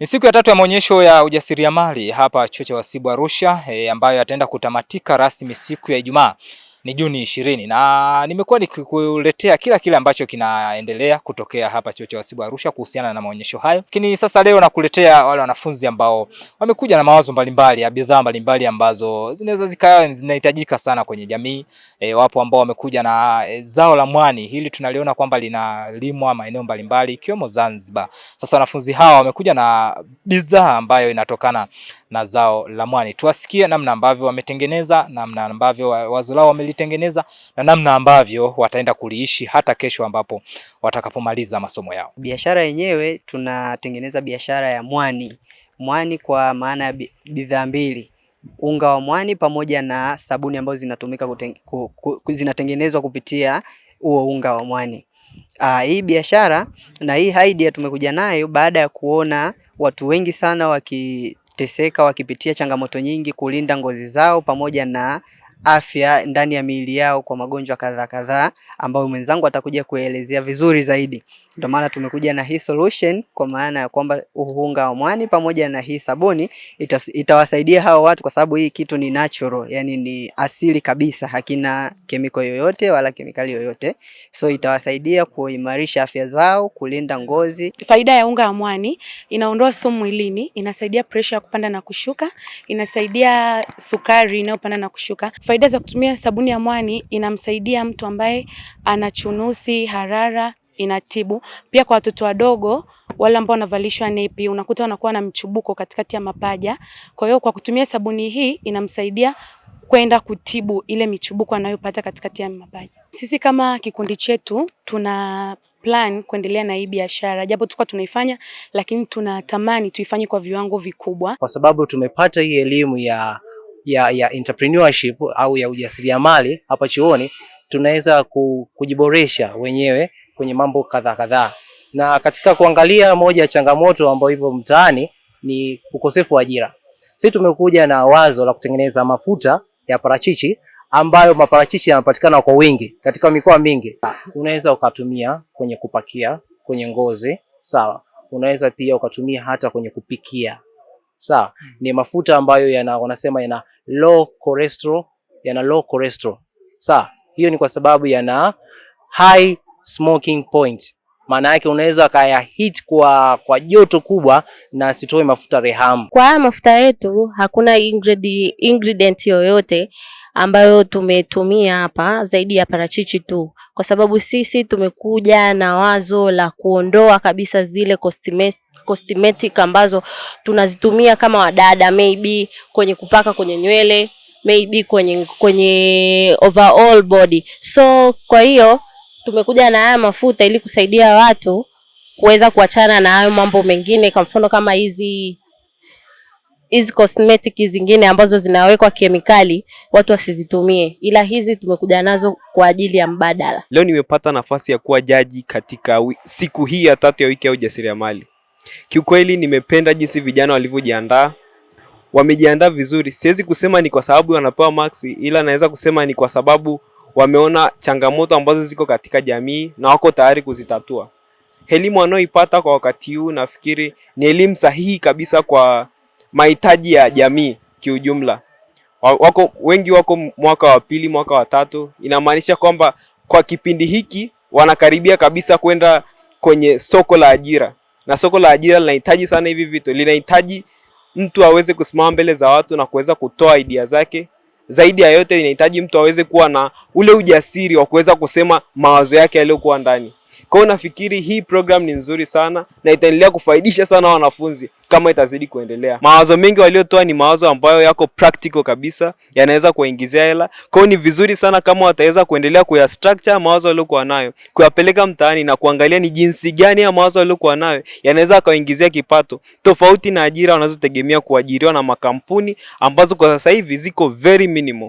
Ni siku ya tatu ya maonyesho ya ujasiriamali hapa chuo cha wasibu Arusha e, ambayo yataenda kutamatika rasmi siku ya Ijumaa ni Juni ishirini na nimekuwa nikikuletea kila kile ambacho kinaendelea kutokea hapa chuo cha wasibu Arusha kuhusiana na maonyesho hayo, lakini sasa leo nakuletea wale wanafunzi ambao wamekuja na mawazo mbalimbali ya bidhaa mbalimbali ambazo zinaweza zikawa zinahitajika sana kwenye jamii. E, wapo ambao wamekuja na e, zao la mwani hili tunaliona kwamba linalimwa maeneo mbalimbali ikiwemo Zanzibar. Sasa wanafunzi hawa wamekuja na bidhaa ambayo inatokana na zao la mwani, tuwasikie namna ambavyo wametengeneza, namna ambavyo wazo lao wameli wamelitengeneza na namna ambavyo wataenda kuliishi hata kesho ambapo watakapomaliza masomo yao. Biashara yenyewe tunatengeneza biashara ya mwani, mwani kwa maana ya bidhaa mbili unga wa mwani pamoja na sabuni ambazo zinatumika ku, ku, zinatengenezwa kupitia huo unga wa mwani. Aa, ah, hii biashara na hii idea tumekuja nayo baada ya kuona watu wengi sana wakiteseka wakipitia changamoto nyingi kulinda ngozi zao pamoja na afya ndani ya miili yao kwa magonjwa kadhaa kadhaa, ambayo mwenzangu atakuja kuelezea vizuri zaidi. Ndio maana tumekuja na hii solution, kwa maana ya kwamba uhunga wa mwani pamoja na hii sabuni ita, itawasaidia hawa watu, kwa sababu hii kitu ni natural, yani ni asili kabisa, hakina kemiko yoyote wala kemikali yoyote, so itawasaidia kuimarisha afya zao, kulinda ngozi. Faida ya unga wa mwani, inaondoa sumu mwilini, inasaidia pressure ya kupanda na kushuka, inasaidia sukari inayopanda na kushuka Faida za kutumia sabuni ya mwani, inamsaidia mtu ambaye ana chunusi, harara, inatibu pia kwa watoto wadogo wale ambao wanavalishwa nepi, unakuta wanakuwa na mchubuko katikati ya mapaja. Kwa hiyo kwa kutumia sabuni hii inamsaidia kwenda kutibu ile michubuko anayopata katikati ya mapaja. Sisi kama kikundi chetu tuna plan kuendelea na hii biashara, japo tulikuwa tunaifanya, lakini tunatamani tuifanye kwa viwango vikubwa, kwa sababu tumepata hii elimu ya ya, ya entrepreneurship au ya ujasiriamali hapa chuoni tunaweza kujiboresha wenyewe kwenye mambo kadhaa kadhaa, na katika kuangalia moja ya changamoto ambayo ipo mtaani ni ukosefu wa ajira. Sisi tumekuja na wazo la kutengeneza mafuta ya parachichi ambayo maparachichi yanapatikana kwa wingi katika mikoa mingi. Unaweza ukatumia kwenye kupakia, kwenye ngozi, sawa. Unaweza pia ukatumia hata kwenye kupikia sawa. Hmm. Ni mafuta ambayo yana wanasema yana low cholesterol, yana low cholesterol sawa. Hiyo ni kwa sababu yana high smoking point, maana yake unaweza kaya hit kwa kwa joto kubwa na sitoe mafuta rehamu. Kwa haya mafuta yetu hakuna ingredi, ingredient yoyote ambayo tumetumia hapa zaidi ya parachichi tu, kwa sababu sisi tumekuja na wazo la kuondoa kabisa zile cosmetic ambazo tunazitumia kama wadada, maybe kwenye kupaka kwenye nywele, maybe kwenye kwenye overall body. So kwa hiyo tumekuja na haya mafuta ili kusaidia watu kuweza kuachana na hayo mambo mengine, kwa mfano kama hizi hizi cosmetic zingine ambazo zinawekwa kemikali watu wasizitumie, ila hizi tumekuja nazo kwa ajili ya mbadala. Leo nimepata nafasi ya kuwa jaji katika siku hii ya tatu ya wiki ya ujasiriamali. Kiukweli nimependa jinsi vijana walivyojiandaa, wamejiandaa vizuri. Siwezi kusema ni kwa sababu wanapewa maksi, ila naweza kusema ni kwa sababu wameona changamoto ambazo ziko katika jamii na wako tayari kuzitatua. Elimu wanaoipata kwa wakati huu nafikiri ni elimu sahihi kabisa kwa mahitaji ya jamii kiujumla. Wako wengi, wako mwaka wa pili, mwaka wa tatu, inamaanisha kwamba kwa kipindi hiki wanakaribia kabisa kwenda kwenye soko la ajira na soko la ajira linahitaji sana hivi vitu, linahitaji mtu aweze kusimama mbele za watu na kuweza kutoa idea zake. Zaidi ya yote, inahitaji mtu aweze kuwa na ule ujasiri wa kuweza kusema mawazo yake yaliyokuwa ndani. Kwa hiyo nafikiri hii program ni nzuri sana na itaendelea kufaidisha sana wanafunzi kama itazidi kuendelea. Mawazo mengi waliotoa ni mawazo ambayo yako practical kabisa, yanaweza kuwaingizia hela. Kwa hiyo ni vizuri sana kama wataweza kuendelea kuya structure mawazo waliokuwa nayo, kuyapeleka mtaani na kuangalia ni jinsi gani ya mawazo waliokuwa nayo yanaweza kuwaingizia kipato, tofauti na ajira wanazotegemea kuajiriwa na makampuni ambazo kwa sasa hivi ziko very minimal.